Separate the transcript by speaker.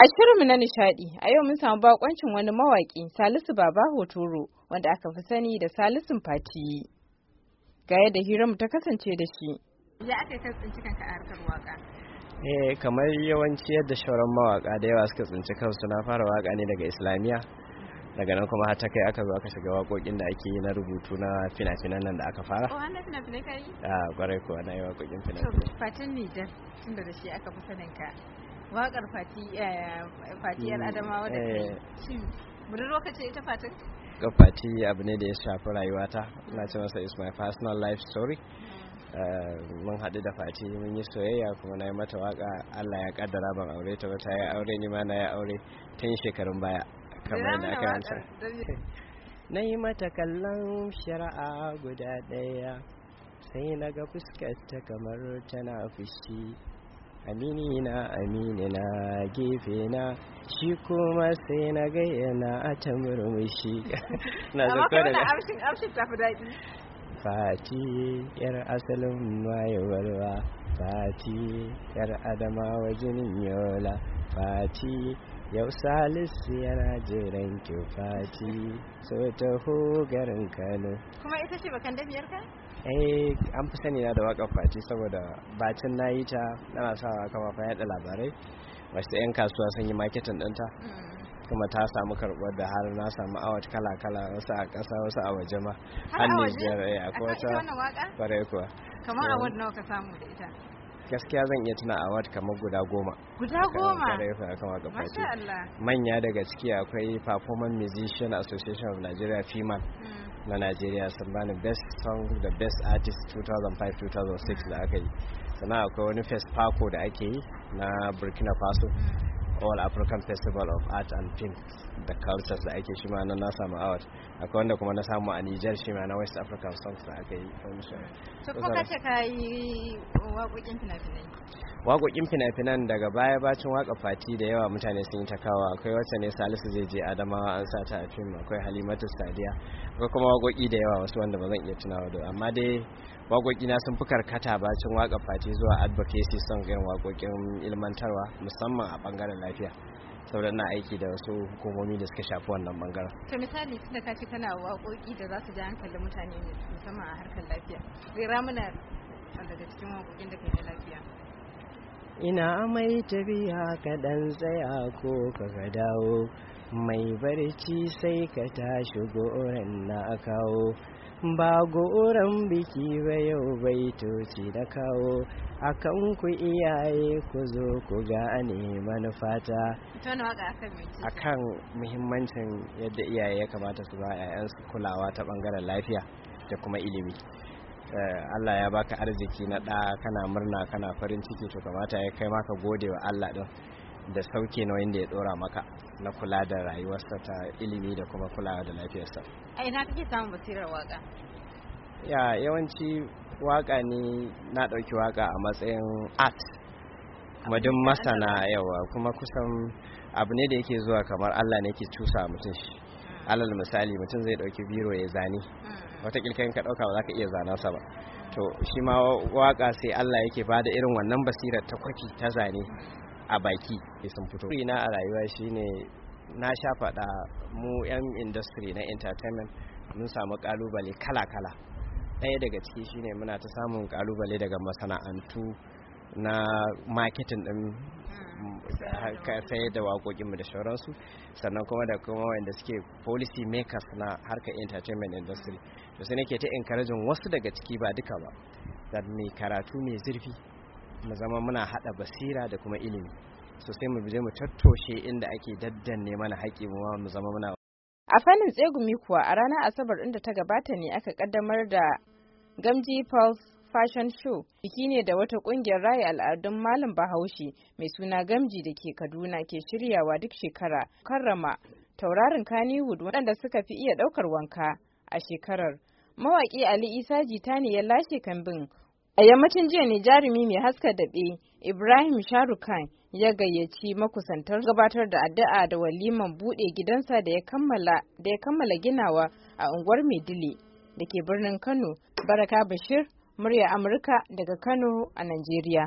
Speaker 1: A shirinmu na nishadi, a yau mun samu bakoncin wani mawaki Salisu Baba Hotoro wanda aka fi sani da Salisun Fati. Ga yadda hiranmu ta kasance da shi. Ya aka ka tsinci kanka a harkar waka? Eh kamar yawanci yadda shauran mawaka da yawa suka tsinci kansu na fara waka ne daga Islamiyya. daga nan kuma har ta kai aka zo aka shiga waƙoƙin da ake yi na rubutu na fina-finan nan da aka fara. Oh, wannan fina-finai ka yi? Ah, kwarai kuwa na yi waƙoƙin fina-finai. To, fatin Nijar, tun da shi aka fi sanin ka. waƙar fatiyar eh, hmm, adamawa da kai eh. budurwa ka ce ita fatin fati abu ne da ya shafi rayuwata na ce masa is my personal life story hmm. eh, mun haɗu da fati mun yi soyayya kuma na yi mata waka allah ya kaddara ban aure ta ba ta yi aure ni ma na yi aure tun shekarun baya kamar da aka yanta na yi mata kallon shari'a guda ɗaya sai na ga fuskar ta kamar tana fushi aminina aminina gefena shi kuma sai na gayyana a ta murmushi na tafi daɗi fati yar asalin walwa fati yar adama wajen yola fati yau salisu yana jiran ki fati so taho garin kano kuma ita ce bakan dafiyar ka eh an fi sani na da waƙar face saboda bacin na yi ta ana sa kafafen yada labarai wasu 'yan kasuwa sun yi maketin ɗinta mm. kuma ta samu karɓar da har na samu awa kala-kala wasu a ƙasa wasu a waje ma har Nijar a kowace eh, kwarai kuwa kamar eh. awad nawa ka samu da ita gaskiya zan iya tuna awa kamar guda goma guda goma kamar ga fashe manya daga ciki akwai performance musician association of nigeria female mm. na najeriya sun bani best song da best artist 2005-2006 da aka yi sannan akwai wani pako da ake yi na burkina faso all african festival of art and films da cultures da ake shi ma na samu award akwai wanda kuma na samu a niger shi ma na west african songs da aka yi waƙoƙin fina finan daga baya bacin waka fati da yawa mutane sun yi ta kawo akwai wacce ne salisu zai je adamawa an sa ta a fim akwai halimatu sadiya akwai kuma waƙoƙi da yawa wasu wanda ba zan iya tunawa da amma dai waƙoƙi na sun fi karkata bacin waka fati zuwa advocacy son irin wakokin ilmantarwa musamman a bangaren lafiya sauran na aiki da wasu hukumomi da suka shafi wannan bangaren. ta misali tunda ta ce kana waƙoƙi da za su ji hankalin mutane musamman a harkar lafiya. Rera muna. daga cikin waƙoƙin da kai lafiya ina mai tafiya ka dan tsaya ko ka ka dawo mai barci sai ka tashi goren na kawo ba goran biki ba yau bai toci da kawo akan ku iyaye ku zo ku gane manufata akan muhimmancin yadda iyaye ya kamata su ba 'ya'yansu kulawa ta bangaren lafiya da kuma ilimi Eh, Allah ya baka arziki na ɗa kana murna kana farin ciki to kamata ya kai maka gode wa Allah ɗin da sauke na wanda ya ɗora maka na kula da rayuwarsa ta ilimi da kuma kulawa da lafiyarsa. A ina kake samun basirar waka? Ya yawanci waka ne na ɗauki waka a matsayin art kuma masana yawa kuma kusan abu ne da yake zuwa kamar Allah ne ke cusa mutum shi hmm. alal misali mutum zai ɗauki biro ya zane hmm. wata kai ka ɗauka ba za ka iya zana sa ba to shi ma waka sai Allah yake ba da irin wannan basira ta kwafi ta zane a baki ya sun fito na a rayuwa shine na sha faɗa mu yan industry na entertainment mun samu kalubale kala-kala ɗaya daga ciki shine muna ta samun kalubale daga masana'antu na marketing ɗin sayar da waƙoƙinmu da sauransu sannan kuma da kuma wanda suke policy makers na harkar entertainment industry to sai nake ta encouraging wasu daga ciki ba duka ba da mai karatu mai zurfi mu zama muna hada basira da kuma ilimi so sai mu je mu tattoshe inda ake daddanne mana haƙi mu mu zama muna a fannin tsegumi kuwa a ranar asabar inda ta gabata ne aka kaddamar da gamji pulse Fashion Show biki ne da wata kungiyar raya al'adun Malam Bahaushe mai suna Gamji da ke Kaduna ke shiryawa duk shekara karrama taurarin Kannywood waɗanda suka fi iya ɗaukar wanka a shekarar. Mawaƙi Ali Isa jita ne ya lashe kambin. A yammacin jiya ne jarumi mai haska daɓe Ibrahim Sharukan ya gayyaci makusantar gabatar da addu'a da waliman buɗe gidansa da ya kammala ginawa a unguwar maiduli da ke birnin Kano. Baraka Bashir murya Amurka daga Kano a Najeriya.